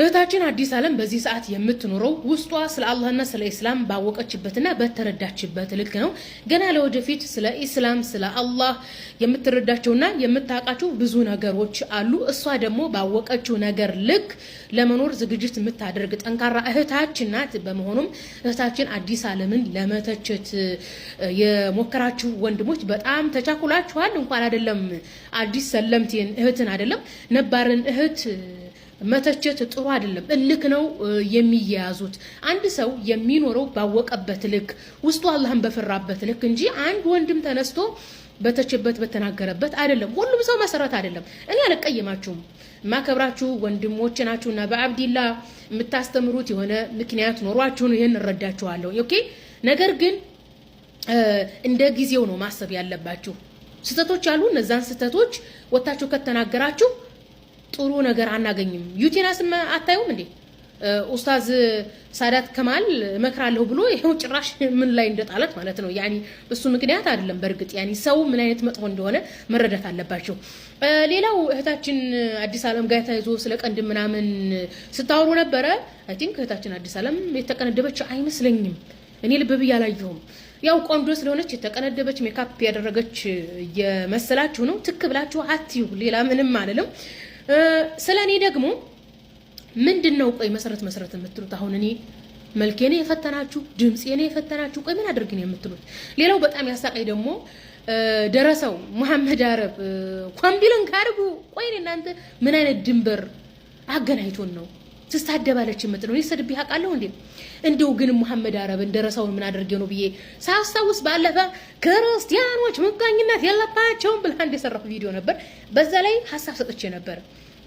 እህታችን አዲስ ዓለም በዚህ ሰዓት የምትኖረው ውስጧ ስለ አላህና ስለ ኢስላም ባወቀችበትና በተረዳችበት ልክ ነው። ገና ለወደፊት ስለ ኢስላም ስለ አላህ የምትረዳቸውና የምታውቃቸው ብዙ ነገሮች አሉ። እሷ ደግሞ ባወቀችው ነገር ልክ ለመኖር ዝግጅት የምታደርግ ጠንካራ እህታችን ናት። በመሆኑም እህታችን አዲስ ዓለምን ለመተቸት የሞከራችሁ ወንድሞች በጣም ተቻኩላችኋል። እንኳን አይደለም አዲስ ሰለምቴን እህትን አይደለም ነባርን እህት መተቸት ጥሩ አይደለም። እልክ ነው የሚያያዙት። አንድ ሰው የሚኖረው ባወቀበት ልክ ውስጡ አላህን በፈራበት ልክ እንጂ አንድ ወንድም ተነስቶ በተችበት በተናገረበት አይደለም። ሁሉም ሰው መሰረት አይደለም። እኔ አልቀየማችሁም። ማከብራችሁ ወንድሞች ናችሁና በአብዲላ የምታስተምሩት የሆነ ምክንያት ኖሯችሁን ይህን እረዳችኋለሁ። ኦኬ። ነገር ግን እንደ ጊዜው ነው ማሰብ ያለባችሁ። ስህተቶች አሉ። እነዛን ስህተቶች ወታችሁ ከተናገራችሁ ጥሩ ነገር አናገኝም። ዩቴናስም አታዩም እንዴ? ኡስታዝ ሳዳት ከማል እመክራለሁ ብሎ ይኸው ጭራሽ ምን ላይ እንደጣለት ማለት ነው። ያኒ እሱ ምክንያት አይደለም። በእርግጥ ያኒ ሰው ምን አይነት መጥፎ እንደሆነ መረዳት አለባቸው። ሌላው እህታችን አዲስ አለም ጋር ተይዞ ስለ ቀንድ ምናምን ስታወሩ ነበረ። አይ ቲንክ እህታችን አዲስ አለም የተቀነደበች አይመስለኝም። እኔ ልብ ብዬ አላየሁም። ያው ቆንጆ ስለሆነች የተቀነደበች ሜካፕ ያደረገች የመሰላችሁ ነው። ትክ ብላችሁ አትዩ። ሌላ ምንም አልልም። ስለ እኔ ደግሞ ምንድን ነው ቆይ መሰረት መሰረት የምትሉት አሁን እኔ መልኬን የፈተናችሁ የኔ የፈተናችሁ ቆይ ምን አድርግን የምትሉት ሌላው በጣም ያሳቀኝ ደግሞ ደረሰው መሐመድ አረብ ኮምቢልን ካርጉ ቆይ እናንተ ምን አይነት ድንበር አገናኝቶን ነው ትስታደባለች የምትለው እኔ ሰድቤህ አውቃለሁ እንዴ? እንደው ግን መሐመድ አረብ እንደረሳውን ምን አድርጌው ነው ብዬ ሳስታውስ ባለፈ ክርስቲያኖች ምቀኝነት የለባቸውም ብላ አንድ የሰራሁት ቪዲዮ ነበር። በዛ ላይ ሀሳብ ሰጥቼ ነበር።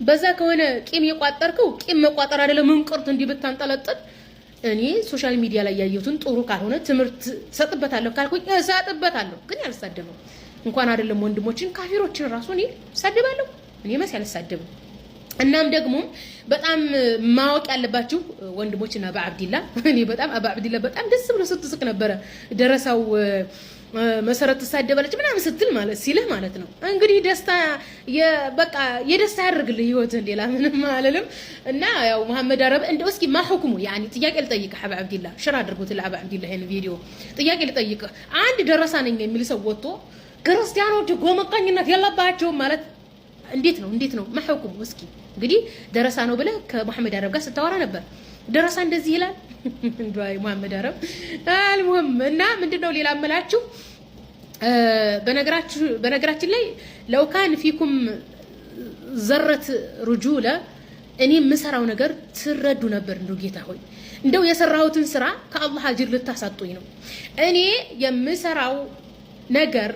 በዛ ከሆነ ቂም የቋጠርከው ቂም መቋጠር አይደለም እንቅርት እንዲህ ብታንጠለጥል እኔ ሶሻል ሚዲያ ላይ ያየሁትን ጥሩ ካልሆነ ትምህርት ሰጥበታለሁ ካልኩኝ እሰጥበታለሁ። ግን ያልሳደበው እንኳን አይደለም ወንድሞችን ካፊሮችን ራሱ እኔ ሳድባለሁ። እኔ መስ ያልሳደበው እናም ደግሞ በጣም ማወቅ ያለባችሁ ወንድሞችና አባ አብዲላ እኔ በጣም አባ በጣም ደስ ብሎ ስትስቅ ነበረ። ደረሳው መሰረት ትሳደባለች ምናምን ስትል ማለት ሲልህ ማለት ነው። እንግዲህ ደስታ በቃ የደስታ ያደርግልህ ህይወትን፣ ሌላ ምንም አልልም። እና ያው መሐመድ አረብ እንደ እስኪ ማ ያኒ ጥያቄ ልጠይቅህ አባ አብዲላ ሽራ አድርጉት ለአባ አብዲላ ይሄን ቪዲዮ ጥያቄ ልጠይቅህ። አንድ ደረሳ ነኝ የሚል ሰው ወጥቶ ክርስቲያኖች ጎመቀኝነት የለባቸውም ማለት እንዴት ነው እንዴት ነው መሐቁሙ? እስኪ እንግዲህ ደረሳ ነው ብለህ ከሙሐመድ አረብ ጋር ስታወራ ነበር። ደረሳ እንደዚህ ይላል እንዴ? ሙሐመድ አረብ አልሙህም። እና ምንድነው ሌላ አመላችሁ በነገራችን ላይ ለውካን ፊኩም ዘረት ሩጁለ እኔ የምሰራው ነገር ትረዱ ነበር። እንደው ጌታ ሆይ እንደው የሰራሁትን ስራ ከአላህ አጅር ልታሳጡኝ ነው። እኔ የምሰራው ነገር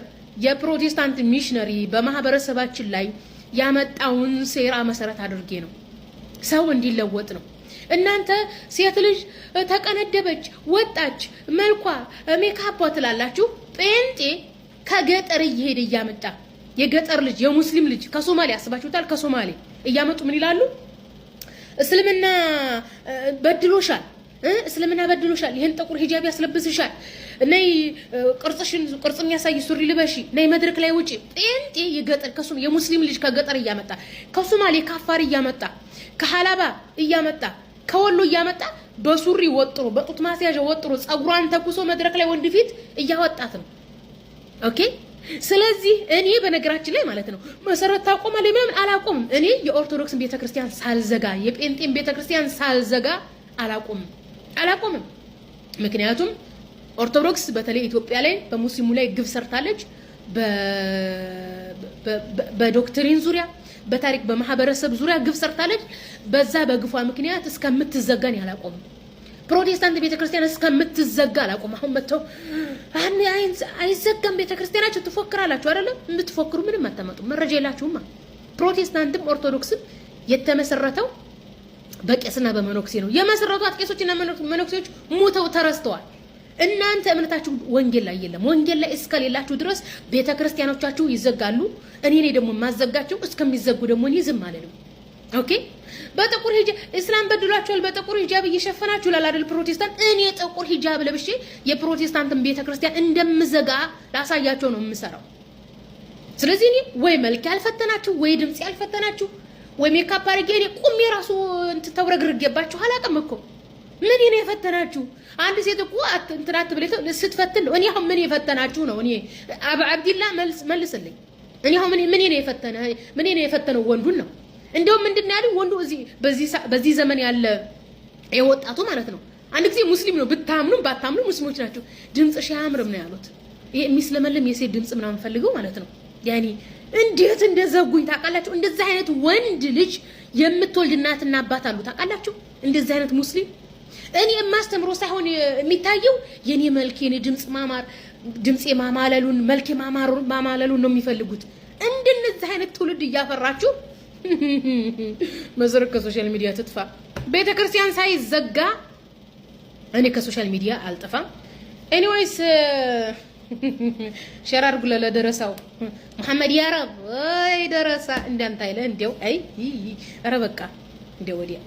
የፕሮቴስታንት ሚሽነሪ በማህበረሰባችን ላይ ያመጣውን ሴራ መሰረት አድርጌ ነው ሰው እንዲለወጥ ነው። እናንተ ሴት ልጅ ተቀነደበች፣ ወጣች፣ መልኳ ሜካፖ ትላላችሁ። ጴንጤ ከገጠር እየሄደ እያመጣ የገጠር ልጅ የሙስሊም ልጅ ከሶማሌ አስባችሁታል? ከሶማሌ እያመጡ ምን ይላሉ? እስልምና በድሎሻል እስልምና በድሎሻል፣ ይህን ጥቁር ሂጃብ ያስለብስሻል፣ ነይ ቅርጽሽን ቅርጽ የሚያሳይ ሱሪ ልበሺ፣ ነይ መድረክ ላይ ውጪ። ጤንጤ የገጠር ከሱም የሙስሊም ልጅ ከገጠር እያመጣ ከሶማሌ ከአፋር እያመጣ ከሀላባ እያመጣ ከወሎ እያመጣ በሱሪ ወጥሮ በጡት ማስያዣ ወጥሮ ጸጉሯን ተኩሶ መድረክ ላይ ወንድ ፊት እያወጣት ነው። ኦኬ ስለዚህ እኔ በነገራችን ላይ ማለት ነው መሰረት ታቆማለህ ምናምን አላቆምም። እኔ የኦርቶዶክስን ቤተክርስቲያን ሳልዘጋ የጴንጤን ቤተክርስቲያን ሳልዘጋ አላቆምም። አላቆምም። ምክንያቱም ኦርቶዶክስ በተለይ ኢትዮጵያ ላይ በሙስሊሙ ላይ ግብ ሰርታለች። በዶክትሪን ዙሪያ፣ በታሪክ በማህበረሰብ ዙሪያ ግብ ሰርታለች። በዛ በግፏ ምክንያት እስከምትዘጋን ያላቆምም። ፕሮቴስታንት ቤተክርስቲያን እስከምትዘጋ አላቆም። አሁን መጥተው አይዘጋም ቤተክርስቲያናቸው ትፎክራላችሁ አይደለም? የምትፎክሩ ምንም አታመጡ፣ መረጃ የላችሁማ። ፕሮቴስታንትም ኦርቶዶክስም የተመሰረተው በቄስና በመነኩሴ ነው የመሰረቷት። ቄሶችና መነኩሴዎች ሞተው ተረስተዋል። እናንተ እምነታችሁ ወንጌል ላይ የለም። ወንጌል ላይ እስከሌላችሁ ድረስ ቤተ ክርስቲያኖቻችሁ ይዘጋሉ። እኔ እኔ ደግሞ የማዘጋቸው እስከሚዘጉ ደግሞ እኔ ዝም አልልም። ኦኬ በጥቁር ሂጃብ እስላም በድሏቸዋል። በጥቁር ሂጃብ እየሸፈናችሁ ላላደል ፕሮቴስታንት እኔ ጥቁር ሂጃብ ለብሼ የፕሮቴስታንትን ቤተ ክርስቲያን እንደምዘጋ ላሳያቸው ነው የምሰራው። ስለዚህ እኔ ወይ መልክ ያልፈተናችሁ ወይ ድምፅ ያልፈተናችሁ ወይ ሜካፕ አድርጌ እኔ ቁሜ ራሱ ተውረግርጌባችሁ አላውቅም እኮ ምን ነው የፈተናችሁ? አንድ ሴት እኮ እንትናት አትብለቶ ስትፈትን እኔ አሁን ምን የፈተናችሁ ነው? እኔ አብ አብዲላ መልስልኝ። እኔ አሁን ምን ምን ነው የፈተነ ምን ነው የፈተነው? ወንዱን ነው እንደውም ምንድን ነው ያለኝ ወንዱ እዚህ በዚህ በዚህ ዘመን ያለ የወጣቱ ማለት ነው። አንድ ጊዜ ሙስሊም ነው ብታምኑም ባታምኑ ሙስሊሞች ናቸው። ድምፅሽ አያምርም ነው ያሉት። ይሄ የሚስለመልም የሴት ድምፅ ምናምን ፈልገው ማለት ነው ያኔ እንዴት እንደዘጉኝ ታውቃላችሁ? እንደዚህ አይነት ወንድ ልጅ የምትወልድ እናትና አባት አሉ ታውቃላችሁ? እንደዚህ አይነት ሙስሊም እኔ የማስተምሮ ሳይሆን የሚታየው የኔ መልክ የኔ ድምፅ ማማር ድምፄ ማማለሉን መልኬ ማማለሉን ነው የሚፈልጉት። እንደነዚህ አይነት ትውልድ እያፈራችሁ መዝረቅ ከሶሻል ሚዲያ ትጥፋ። ቤተክርስቲያን ሳይዘጋ እኔ ከሶሻል ሚዲያ አልጠፋም። ኤኒዌይስ ሸር አድርጉለ ለደረሳው መሐመድ ያረብ ወይ ደረሳ እንዳንታይለ እንደው አይ ኧረ በቃ እንደው ወዲያ